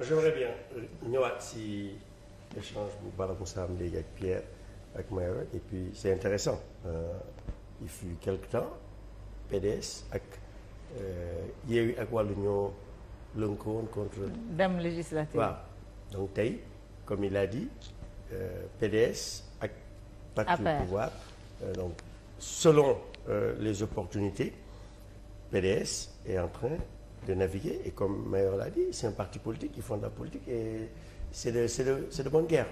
j'aimerais bien ñëwaat euh, si échange bu Bala Moussa am léegi ak Pierre ak Mayoro et puis c'est intéressant euh, il fut quelque temps PDS ak euh, Yewwi ak wàllu ñoo lënkoo woon contre dame législative waaw donc tey comme il a dit PDS ak parti au pouvoir donc selon les opportunités PDS est en train de naviguer et comme Mayor l'a dit c'est un parti politique ils font la politique et c'est de c'est de c'est de bonne guerre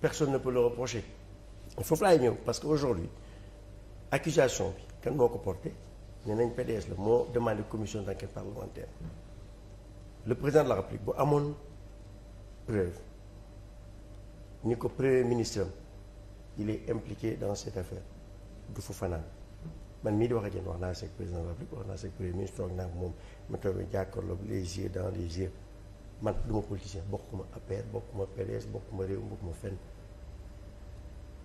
personne ne peut le reprocher foofu laay ñëw parce que aujourd'hui accusation bi kan moo ko porté ne nañ PDS la moo demandé commission d'enquête parlementaire le président de la République bu amoon preuve ni ko premier ministre am il est impliqué dans cette affaire du fa fanaan man mii di wax ak yéen wax naa seeg président de la République wax naa seeg premier ministre toog naa ak moom ma toog jàkkaarloog les yeux dans les man du ma politicien bokkuma APR bokkuma PDS bokkuma réew bokkuma fenn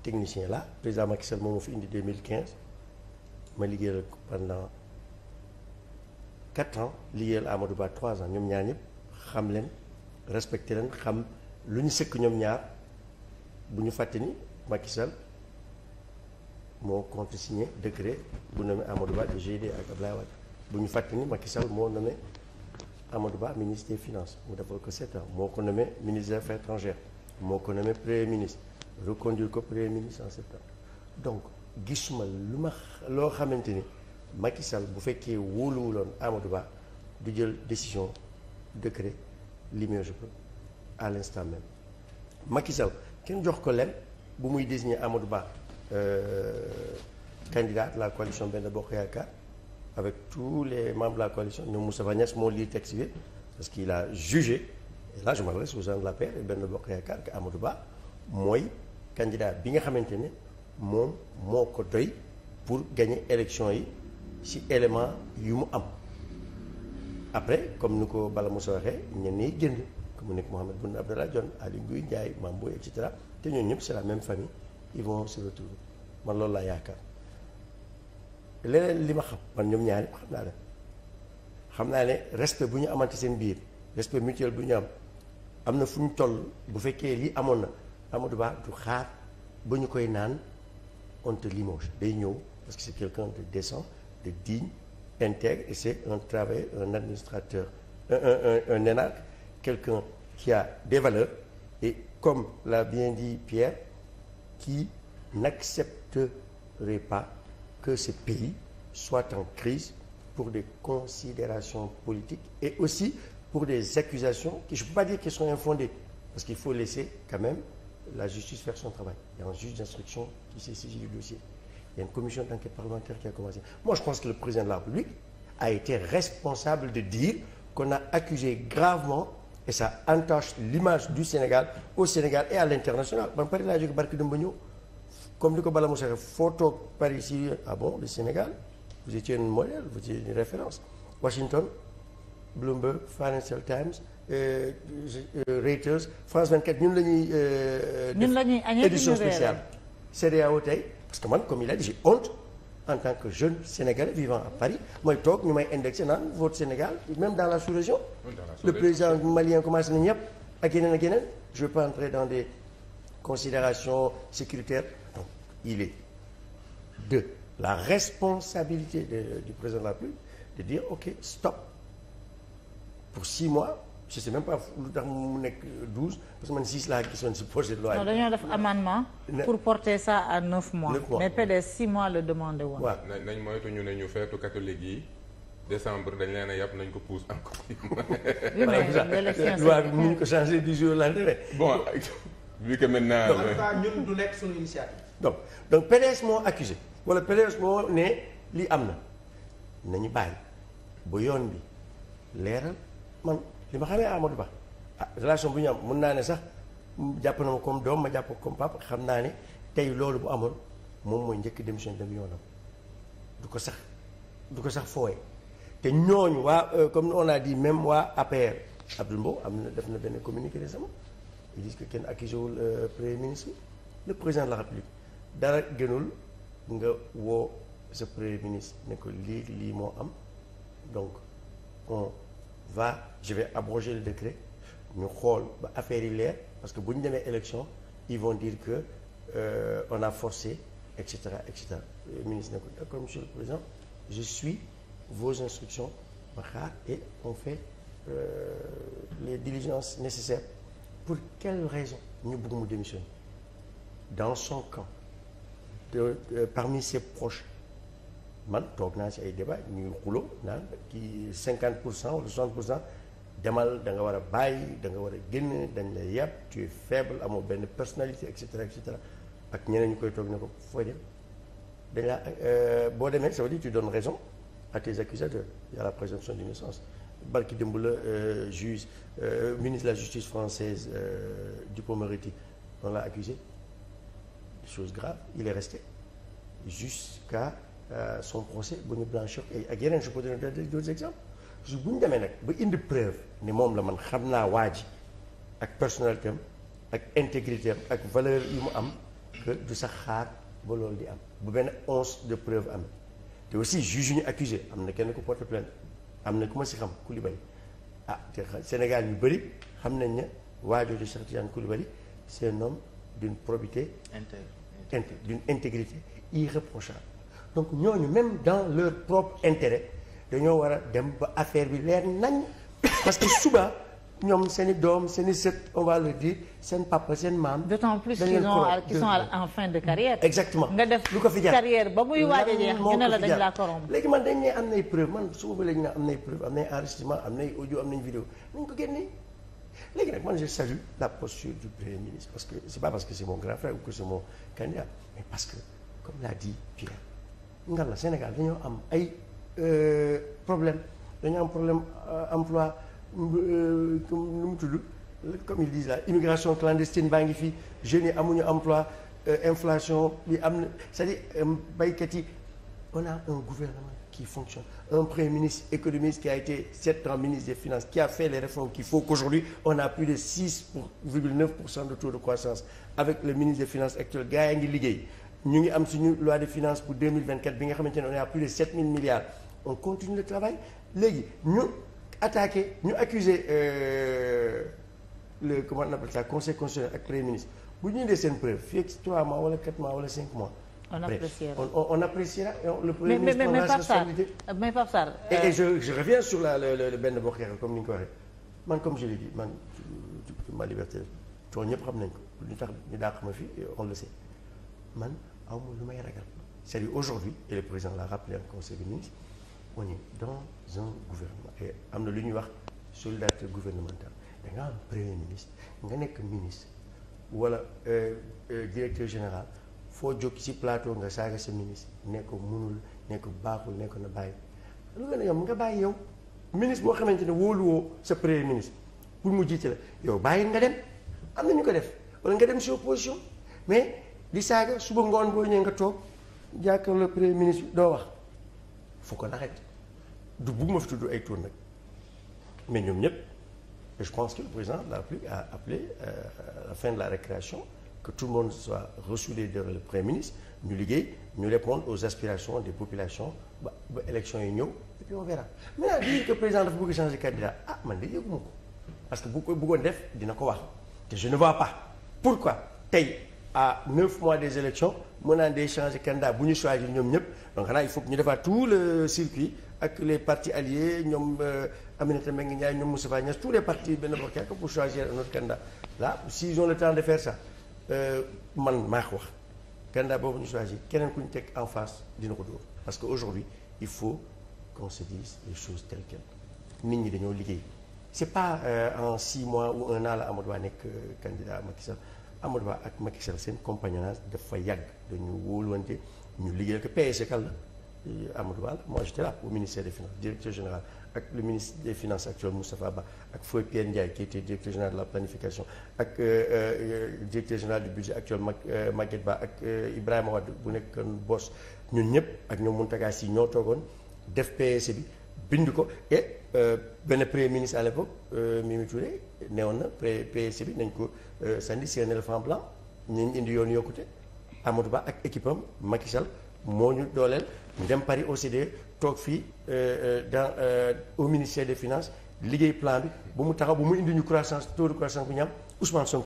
technicien la président Macky Sall moom moo fi indi 2015 ma liggéeyal pendant quatre ans liggéeyal Amadou Ba trois ans ñoom ñaar ñëpp xam leen respecté leen xam lu ñu sëkk ñoom ñaar bu ñu fàtte ni Macky moo contresigné décret bu nommé Amadou Ba di ak Abdoulaye Wade bu ñu fàkk ni Macky Sall moo nommé Amadou Ba ministre des finances mu defal ko sept moo ko nommé ministre des affaires étrangères moo ko nommé premier ministre reconduire ko premier ministre en septembre donc gisuma lu ma loo xamante ni Macky Sall bu fekkee wóoluwuloon Amadou Ba du jël décision décret limoge ko à l'instant même Macky kenn jox ko leen bu muy désigner Amadou Ba Euh, candidat de la coalition Benno Bokk Yaakaar avec tous les membres la coalition ñoom Moustapha Niasse moo lii texte bi parce qu'il a jugé et là je la paix et Benno Bokk Yaakaar que Amadou mooy candidat bi nga xamante ne moom moo ko doy pour gagner élection yi ci élément yu mu am après comme ni ko Bala Moussa waxee ñenn ñi génn comme mu nekk Mohamed Boun Abdallah Dionne Aly Ngouille Ndiaye Mame Boye et cetera te ñooñu ñëpp c'est la même famille ils vont se retrouver man loolu laa yaakaar leneen li ma xam man ñoom ñaari xam naa ne xam naa ne respect bu ñu amante seen biir respect mutuel bu ñu am am na fu ñu toll bu fekkee lii amoon na Amadou Ba du xaar ba ñu koy naan on te limoge day ñëw parce que c'est quelqu'un de décent de digne intègre et c'est un travail un administrateur un un un, un quelqu'un qui a des et comme l'a bien di Pierre qui n'accepterait pas que ce pays soit en crise pour des considérations politiques et aussi pour des accusations qui, je ne peux pas dire qu'elles sont infondées, parce qu'il faut laisser quand même la justice faire son travail. Il y a un juge d'instruction qui s'est saisi du dossier. Il y a une commission d'enquête parlementaire qui a commencé. Moi, je pense que le président de la République a été responsable de dire qu'on a accusé gravement et sa entache l'image du Sénégal au Sénégal et à l'international man Paris laa jóge barki dem ba ñëw comme ni ko bala mu saxee foo toog Paris si ah bon le Sénégal vous étiez un modèle vous étiez une référence Washington Bloomberg Financial Times euh, euh, Reuters France ñun la ñuy. Euh, ñun la ñuy édition spéciale CEDEAO tey parce que man comme il a dit j'ai honte. en tant que jeune sénégalais vivant à Paris mooy toog ñu may indexé naan vote Sénégal même dans la sous-région le président malien commencé na ñëpp ak yeneen ak yeneen je ne vais pas entrer dans des considérations sécuritaires donc il est de la responsabilité de, du président de la République de dire ok stop pour six mois je sais même pas lu tax mu nekk douze parce que man six laa gisoon si projet de loi non def amendement. pour porter ça à neuf ñu ne a yàpp nañ ko pousse ko changé du jour au lendemain. bon vu que maintenant. Euh, du nekk suñu initiative. donc donc PDS wala PDS moo ne lii am na nañu bàyyi bu yoon bi leeral man. li ma xamee Amadou Ba ah relation bu ñu am mën naa ne sax jàpp na ma comme doom ma jàpp comme papa xam naa ne tey loolu bu amoon moom mooy njëkk démission dem yoonam du ko sax du ko sax fooye te ñooñu waa euh, comme on a dit même waa APR Abdoul Mbow am na def na benn communiqué récemment ils disent que kenn accusé wul euh, premier ministre le président de la République dara gënul nga woo sa premier ministre ne ko lii lii moo am donc va je vais abroger le décret ñu xool ba affaire yi leer parce que bu ñu demee élection ils vont dire que euh, on a forcé et cetera et cetera ministre ne ko d'accord monsieur le président je suis vos instructions ma xaar et on fait euh, les diligences nécessaires pour quelle raison ñu bëgg mu démissionner dans son camp parmi ses proches man toog naa si ay débat ñuy xulo naan kii cinquante pour cent wala soixante pour cent demal da nga war a bàyyi da nga war a génn dañ lay yàpp tu es faible amoo benn personnalité et cetera ak ñeneen ñu koy toog ne ko fooy dem dañ laa euh, boo demee ça veut dire tu donnes raison à tes accusateurs il y a la présomption d'innocence barki démb la euh, juge euh, ministre de la justice française Dupond-Moretti on l'a accusé chose grave il est resté jusqu'à Euh, son procès bu ñu blanchir ak yeneen je peux donner d'autres exemples su bu ñu demee nag ba indi preuve ni moom la man xam naa waa ji ak personnalité am ak intégrité am ak valeur yi mu am que du sax xaar ba loolu di am bu benn once de preuve am te aussi juge ñu accusé am na kenn ku porte plainte am na ku ma si xam Coulibaly ah te Sénégal yu bëri xam nañ ne waajooju Cheikh Tidiane Coulibaly c'est un homme d'une probité intègre d'une intégrité irréprochable donc ñooñu même dans leur propre intérêt dañoo war a dem ba affaire bi leer nañ parce que suba ñoom seen i doom seen i sët on va le dire seen papa seen maam. d'autant plus qu'ils sont qu'ils sont en fin de def lu ko fi jar ba muy waaj a jeex ñu ne léegi man dañ am na preuve man am na preuve am nay enregistrement am nay audio am nañ vidéo nañ ko génnee léegi nag man je salue la posture du premier ministre parce que c'est pas parce que c'est mon grand frère ou que c'est mon candidat mais parce que comme l'a dit Pierre. ngar la Sénégal dañoo am ay euh, problème dañoo am problème euh, emploi euh, comme nu mu tudd comme ils disent là immigration clandestine baa ngi fi jeunes yi amuñu emploi inflation bi am na c'est-à-dire baykat yi on a un gouvernement qui fonctionne un premier ministre économiste qui a été sept ans ministre des finances qui a fait les réformes qu'il faut qu'aujourd'hui on a plus de de taux de croissance avec le ministre des finances actuel gars yaa ngi liggéey ñu ngi am suñu loi de finance pour 2024 bi nga xamante ne on a plus de 7000 milliards on continue le travail léegi ñu attaque ñu accuser euh, le comment on appelle ça conseil constitutionnel ak premier ministre bu ñu dee seen preuve fii ak 3 mois wala 4 mois wala cinq mois. on appréciera on, on, le premier ministre. mais mais Pape mais Pape et, euh, je reviens sur la le le, le Benno comme ni nga ko waxee man comme je l'ai dit man ma ñëpp xam nañ ko lu tax ñu dàq ma fii on man awma lu may ragal c'est-à-dire aujourd'hui et le président l'a rappelé en conseil des ministres on est dans un gouvernement am na lu ñuy wax soldat gouvernemental da nga am premier ministre nga nekk ministre wala euh, euh, directeur général foo jóg ci plateau nga saaga sa ministre nekk ko mënul ne ko baaxul ne ko na bàyyi lu nga ne yow nga bàyyi yow ministre boo xamante ne wóoluwoo sa premier ministre pour mu jiite la yow bàyyi nga dem am na ñu ko def wala nga dem ci mais di saaga suba ngoon boo ñëwee nga toog jàkkaarloo premier ministre doo wax foo ko arrête du bugguma fi tudd ay tour nag mais ñoom ñëpp je pense que le la a à euh, la fin de la récréation que tout le monde soit reculé derrière le premier ministre ñu liggéey ñu répondre aux aspirations des population ba ba élection yi ñëw et puis on verra maintenant dire que président dafa bëgg changer candidat ah man de yëguma ko parce que bu ko buggoon def dina ko wax te je ne vois pas pourquoi tey à neuf mois des élections mën naa day changer candidat bu ñu choisir ñoom ñëpp donc xanaa il faut ñu defaat tout le circuit ak les partis alliés ñoom euh, Aminata Mbengue Ndiaye ñoom Moustapha Niasse tous les partis benn bokk yaakaar pour choisir un autre candidat là s'ils ont le temps de faire ça euh, man maa ko wax candidat boobu ñu choisir keneen ku ñu teg en face dina ko dóor parce que aujourd'hui il faut qu'on se dise les choses telles quelles nit ñi dañoo liggéey c'est pas euh, en six mois ou un an la Amadou Ba euh, Amadou ak Macky Sall seen compagnonnage dafa yàgg dañu wóoluwante ñu liggéeyal ko PSE kan la euh, Amadou Ba la moi j'étais là au ministère de finances directeur général ak le ministre des finances actuel Moustapha Ba ak Foy Pierre Ndiaye qui était directeur général de la planification ak euh, euh, directeur général du budget actuel Maguette Ba ak Ibrahima Wade bu nekkoon boss ñun ñëpp ak ñoom Mountaga Sy ñoo toogoon def PSE bi bind ko et euh, benn premier ministre à l'époque euh, Mimi Touré ne woon na PSC bi nañ ko euh, sandi c'est un éléphant blanc ñu indi yoon yokkute Amadou ak équipe am Macky Sall moo ñu dooleel ñu dem Paris OCDE toog fii dans au ministère de finance liggéey plan bi bu mu taxaw bu mu indi ñu croissance taux de croissance bu ñu am Ousmane